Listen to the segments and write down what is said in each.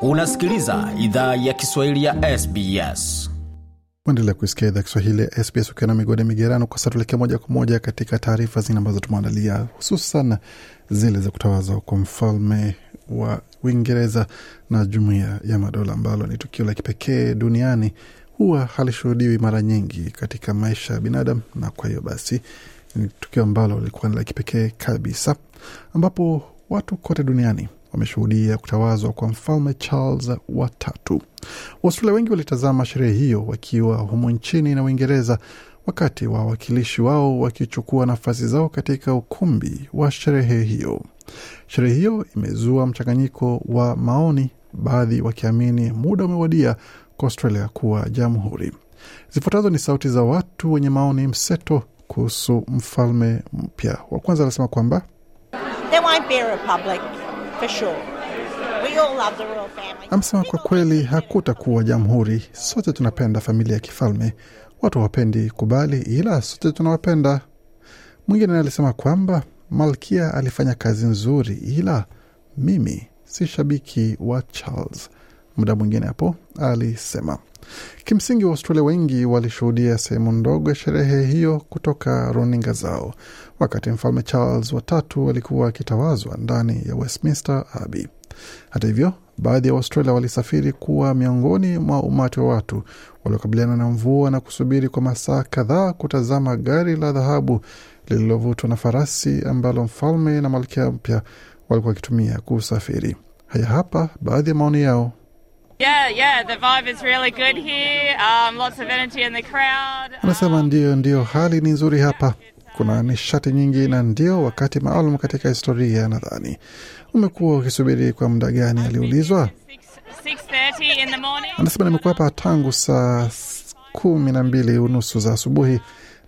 unasikiliza idhaa ya kiswahili ya sbs uendelea kuisikia idhaa kiswahili ya sbs ukiwa na migode migerano kwa sasa tulekea moja kwa moja katika taarifa zingine ambazo tumeandalia hususan zile za kutawazwa kwa mfalme wa uingereza na jumuiya ya madola ambalo ni tukio la kipekee duniani huwa halishuhudiwi mara nyingi katika maisha ya binadamu na kwa hiyo basi ni tukio ambalo lilikuwa ni la kipekee kabisa ambapo watu kote duniani wameshuhudia kutawazwa kwa mfalme Charles watatu Waustralia wengi walitazama sherehe hiyo wakiwa humu nchini na Uingereza, wakati wa wawakilishi wao wakichukua nafasi zao katika ukumbi wa sherehe hiyo. Sherehe hiyo imezua mchanganyiko wa maoni, baadhi wakiamini muda umewadia kwa Australia kuwa jamhuri. Zifuatazo ni sauti za watu wenye maoni mseto kuhusu mfalme mpya. Wa kwanza anasema kwamba There won't be a republic. Amesema kwa kweli hakutakuwa jamhuri, sote tunapenda familia ya kifalme. Watu hawapendi kubali, ila sote tunawapenda. Mwingine alisema kwamba malkia alifanya kazi nzuri, ila mimi si shabiki wa Charles. Muda mwingine hapo alisema Kimsingi, Waustralia wengi walishuhudia sehemu ndogo ya sherehe hiyo kutoka runinga zao, wakati Mfalme Charles watatu alikuwa akitawazwa ndani ya Westminster Abbey. Hata hivyo, baadhi ya Waustralia walisafiri kuwa miongoni mwa umati wa watu waliokabiliana na mvua na kusubiri kwa masaa kadhaa kutazama gari la dhahabu lililovutwa na farasi ambalo mfalme na malkia mpya walikuwa wakitumia kusafiri. Haya hapa baadhi ya maoni yao Yeah, yeah, the vibe is really good here. Um, lots of energy in the crowd. Anasema um, ndio, ndio, hali ni nzuri hapa, kuna nishati nyingi na ndio wakati maalum katika historia. Nadhani umekuwa ukisubiri kwa muda gani? aliulizwa. Anasema nimekuwa hapa tangu saa kumi na mbili unusu za asubuhi.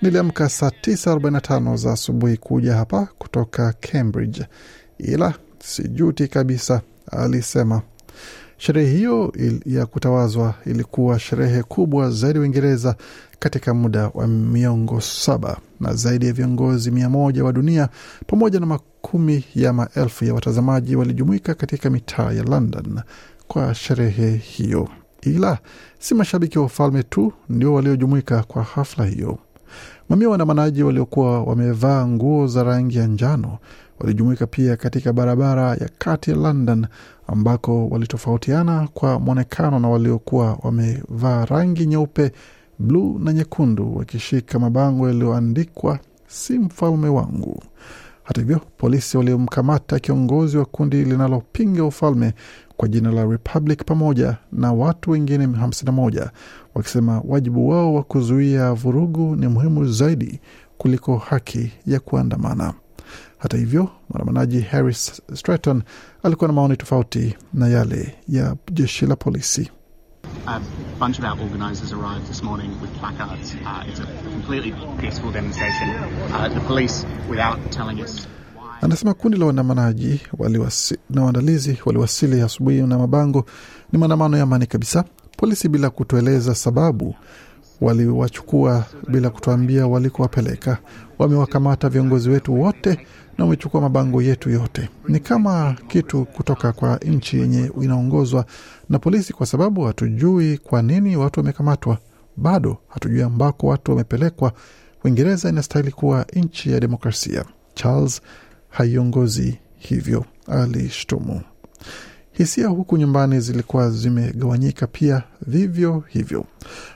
Niliamka saa 9:45 za asubuhi kuja hapa kutoka Cambridge, ila sijuti kabisa, alisema. Sherehe hiyo ya kutawazwa ilikuwa sherehe kubwa zaidi Uingereza katika muda wa miongo saba na zaidi ya viongozi mia moja wa dunia pamoja na makumi ya maelfu ya watazamaji walijumuika katika mitaa ya London kwa sherehe hiyo, ila si mashabiki wa ufalme tu ndio waliojumuika kwa hafla hiyo. Mamia waandamanaji waliokuwa wamevaa nguo za rangi ya njano walijumuika pia katika barabara ya kati ya London ambako walitofautiana kwa mwonekano na waliokuwa wamevaa rangi nyeupe, bluu na nyekundu, wakishika mabango yaliyoandikwa si mfalme wangu. Hata hivyo, polisi waliomkamata kiongozi wa kundi linalopinga ufalme kwa jina la Republic pamoja na watu wengine 51 wakisema wajibu wao wa kuzuia vurugu ni muhimu zaidi kuliko haki ya kuandamana. Hata hivyo, mwandamanaji Harris Stratton alikuwa na maoni tofauti na yale ya jeshi la polisi. Uh, uh, Anasema kundi la waandamanaji na waandalizi waliwasili asubuhi na mabango, ni maandamano ya amani kabisa. Polisi bila kutueleza sababu waliwachukua bila kutuambia walikowapeleka. Wamewakamata viongozi wetu wote na umechukua mabango yetu yote. Ni kama kitu kutoka kwa nchi yenye inaongozwa na polisi, kwa sababu hatujui kwa nini watu wamekamatwa, bado hatujui ambako watu wamepelekwa. Uingereza inastahili kuwa nchi ya demokrasia. Charles haiongozi hivyo, alishtumu. Hisia huku nyumbani zilikuwa zimegawanyika pia vivyo hivyo.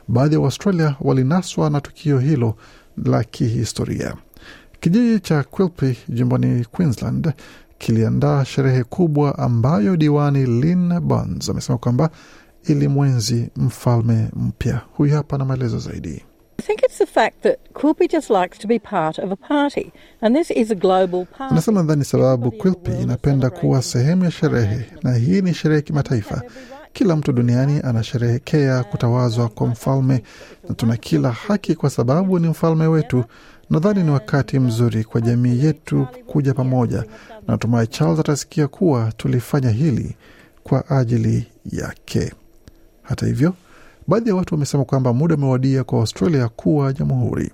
Baadhi ya Waaustralia walinaswa na tukio hilo la kihistoria. Kijiji cha quilpy jimboni Queensland kiliandaa sherehe kubwa ambayo diwani Lynn Bons amesema kwamba ili mwenzi mfalme mpya. Huyu hapa na maelezo zaidi. Anasema nadhani sababu Quilpie inapenda kuwa sehemu ya sherehe, na hii ni sherehe kimataifa. Kila mtu duniani anasherehekea kutawazwa kwa mfalme, na tuna kila haki kwa sababu ni mfalme wetu Nadhani ni wakati mzuri kwa jamii yetu kuja pamoja. Natumai Charles atasikia kuwa tulifanya hili kwa ajili yake. Hata hivyo, baadhi ya watu wamesema kwamba muda umewadia kwa Australia kuwa jamhuri.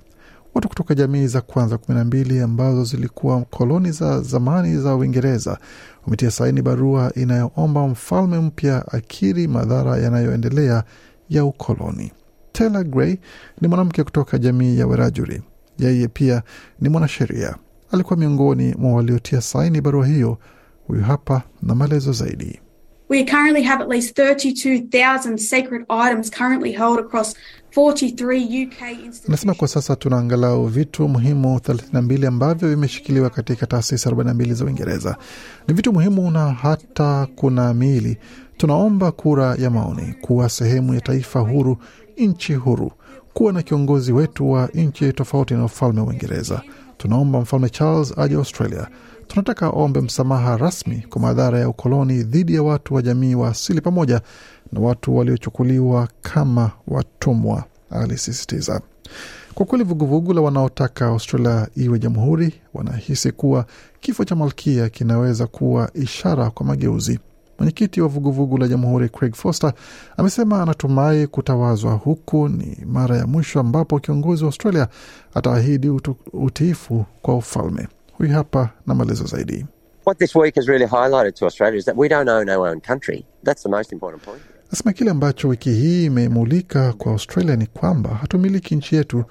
Watu kutoka jamii za kwanza kumi na mbili ambazo zilikuwa koloni za zamani za Uingereza wametia saini barua inayoomba mfalme mpya akiri madhara yanayoendelea ya ukoloni. Taylor Gray ni mwanamke kutoka jamii ya Werajuri yeye pia ni mwanasheria, alikuwa miongoni mwa waliotia saini barua hiyo. Huyu hapa na maelezo zaidi. We currently have at least 32,000 sacred items currently held across 43 UK Nasema kwa sasa tuna angalau vitu muhimu 32 ambavyo vimeshikiliwa katika taasisi 42 za Uingereza. Ni vitu muhimu na hata kuna miili. Tunaomba kura ya maoni kuwa sehemu ya taifa huru, nchi huru kuwa na kiongozi wetu wa nchi tofauti na ufalme wa Uingereza. Tunaomba mfalme Charles aje Australia. Tunataka aombe msamaha rasmi kwa madhara ya ukoloni dhidi ya watu wa jamii wa asili pamoja na watu waliochukuliwa kama watumwa, alisisitiza. Kwa kweli vuguvugu la wanaotaka Australia iwe jamhuri wanahisi kuwa kifo cha malkia kinaweza kuwa ishara kwa mageuzi. Mwenyekiti wa vuguvugu la Jamhuri Craig Foster amesema anatumai kutawazwa huku ni mara ya mwisho ambapo kiongozi wa Australia ataahidi utiifu kwa ufalme. Huyu hapa na maelezo zaidi. Nasema kile ambacho wiki hii imemulika kwa Australia ni kwamba hatumiliki nchi yetu.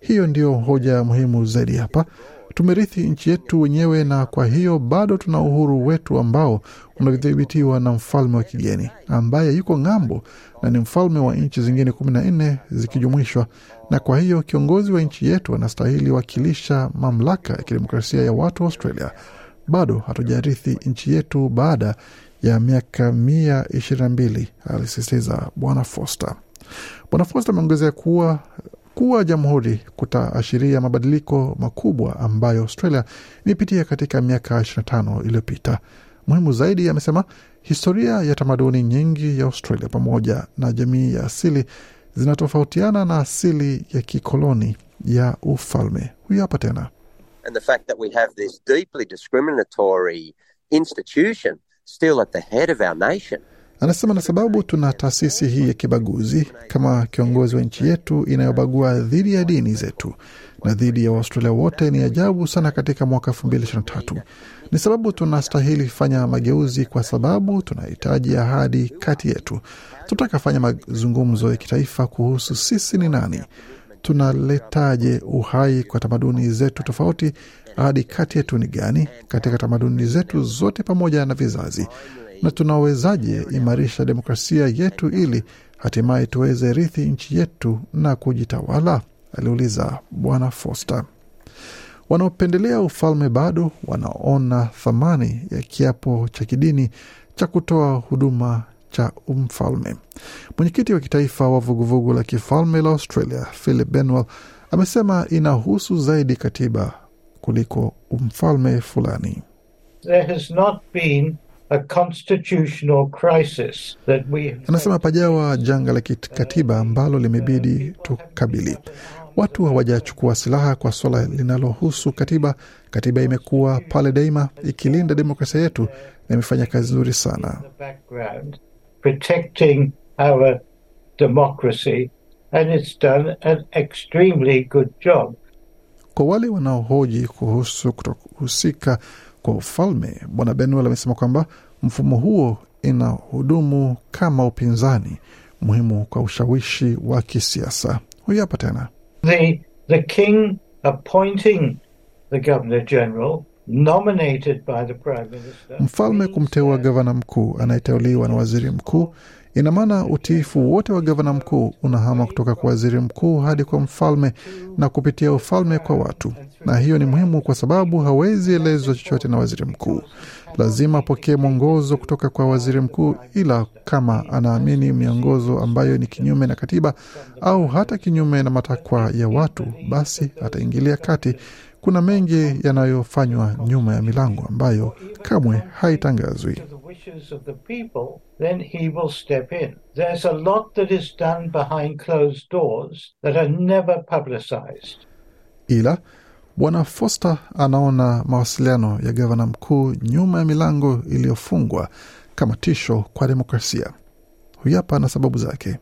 Hiyo ndiyo hoja muhimu zaidi hapa. Tumerithi nchi yetu wenyewe, na kwa hiyo bado tuna uhuru wetu ambao unadhibitiwa na mfalme wa kigeni ambaye yuko ng'ambo na ni mfalme wa nchi zingine kumi na nne zikijumuishwa. Na kwa hiyo kiongozi wa nchi yetu anastahili wakilisha mamlaka ya kidemokrasia ya watu wa Australia. Bado hatujarithi nchi yetu baada ya miaka mia ishirini na mbili, alisisitiza Bwana Foster. Bwana Foster ameongezea kuwa kuwa wa jamhuri kutaashiria mabadiliko makubwa ambayo Australia imepitia katika miaka 25 iliyopita. Muhimu zaidi, amesema historia ya tamaduni nyingi ya Australia pamoja na jamii ya asili zinatofautiana na asili ya kikoloni ya ufalme. huyo hapa tena and the fact that we have this deeply discriminatory institution still at the head of our nation Anasema na sababu tuna taasisi hii ya kibaguzi kama kiongozi wa nchi yetu inayobagua dhidi ya dini zetu na dhidi ya Waustralia wote ni ajabu sana katika mwaka tatu Ni sababu tunastahili fanya mageuzi, kwa sababu tunahitaji ahadi kati yetu. Tunataka fanya mazungumzo ya kitaifa kuhusu sisi ni nani, tunaletaje uhai kwa tamaduni zetu tofauti. Ahadi kati yetu ni gani katika tamaduni zetu zote pamoja na vizazi na tunawezaje imarisha demokrasia yetu ili hatimaye tuweze rithi nchi yetu na kujitawala, aliuliza Bwana Foster. Wanaopendelea ufalme bado wanaona thamani ya kiapo cha kidini cha kutoa huduma cha mfalme. Mwenyekiti wa kitaifa wa vuguvugu la kifalme la Australia, Philip Benwell, amesema inahusu zaidi katiba kuliko mfalme fulani. There has not been Anasema pajawa janga la kikatiba ambalo limebidi tukabili. Watu hawajachukua silaha kwa swala linalohusu katiba. Katiba imekuwa pale daima ikilinda demokrasia yetu na imefanya kazi nzuri sana. Kwa wale wanaohoji kuhusu kutohusika kwa ufalme. Bwana Benuel amesema kwamba mfumo huo ina hudumu kama upinzani muhimu kwa ushawishi wa kisiasa. Huyu hapa tena the, the king appointing the governor general Nominated by the Prime Minister. Mfalme kumteua gavana mkuu anayeteuliwa na waziri mkuu Ina maana utiifu wote wa gavana mkuu unahama kutoka kwa waziri mkuu hadi kwa mfalme na kupitia ufalme kwa watu, na hiyo ni muhimu kwa sababu hawezi elezwa chochote na waziri mkuu. Lazima apokee mwongozo kutoka kwa waziri mkuu, ila kama anaamini miongozo ambayo ni kinyume na katiba au hata kinyume na matakwa ya watu, basi ataingilia kati. Kuna mengi yanayofanywa nyuma ya milango ambayo kamwe haitangazwi issues of the people, then he will step in. There's a lot that is done behind closed doors that are never publicized. Ila Bwana Foster anaona mawasiliano ya gavana mkuu nyuma ya milango iliyofungwa kama tisho kwa demokrasia. Huyu hapa na sababu zake.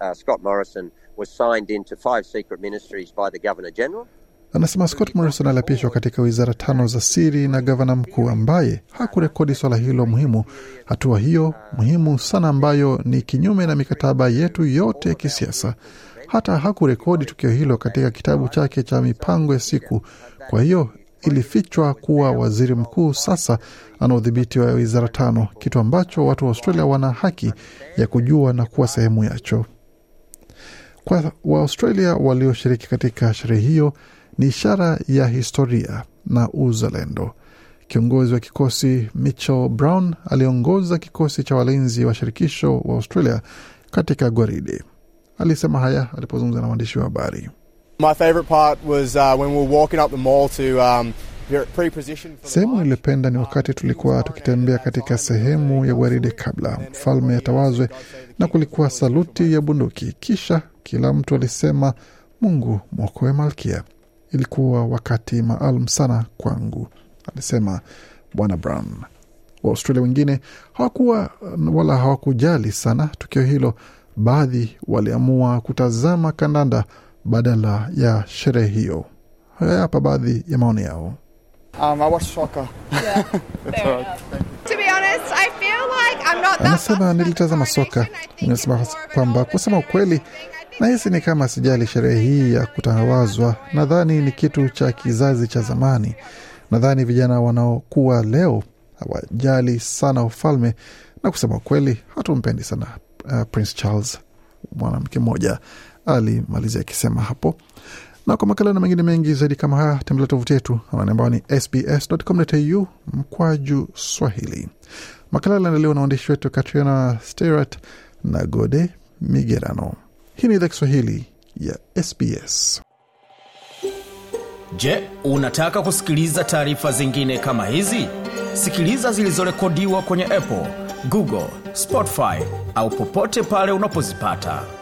Uh, Scott Morrison was signed into five secret ministries by the Governor General. Anasema Scott Morrison aliapishwa katika wizara tano za siri na gavana mkuu ambaye hakurekodi swala hilo muhimu, hatua hiyo muhimu sana ambayo ni kinyume na mikataba yetu yote ya kisiasa. Hata hakurekodi tukio hilo katika kitabu chake cha mipango ya siku. Kwa hiyo ilifichwa kuwa waziri mkuu sasa ana udhibiti wa wizara tano, kitu ambacho watu wa Australia wana haki ya kujua na kuwa sehemu yacho. Kwa Waaustralia walioshiriki katika sherehe hiyo ni ishara ya historia na uzalendo. Kiongozi wa kikosi Mitchell Brown aliongoza kikosi cha walinzi wa shirikisho wa Australia katika gwaridi. Alisema haya alipozungumza na waandishi wa habari. Uh, um, sehemu iliyopenda ni wakati tulikuwa tukitembea katika sehemu ya gwaride kabla mfalme atawazwe, na kulikuwa saluti ya bunduki, kisha kila mtu alisema Mungu mwokoe malkia ilikuwa wakati maalum sana kwangu, alisema Bwana Brown. Waaustralia wengine hawakuwa wala hawakujali sana tukio hilo. Baadhi waliamua kutazama kandanda badala ya sherehe hiyo. Haya hapa baadhi ya maoni yao. Um, Anasema nilitazama soka. Ninasema kwamba kusema ukweli Nahisi ni kama sijali sherehe hii ya kutangawazwa. Nadhani ni kitu cha kizazi cha zamani. Nadhani vijana wanaokuwa leo hawajali sana ufalme, na kusema kweli, hatumpendi sana uh, Prince Charles, mwanamke mmoja alimalizia akisema hapo. Na kwa makala na mengine mengi zaidi kama haya, tembelea tovuti yetu ambayo ni sbs.com.au mkwaju Swahili. Makala aliandaliwa na waandishi wetu Katriona Stewart na Gode Migerano. Hii ni idhaa Kiswahili ya SBS. Je, unataka kusikiliza taarifa zingine kama hizi? Sikiliza zilizorekodiwa kwenye Apple, Google, Spotify au popote pale unapozipata.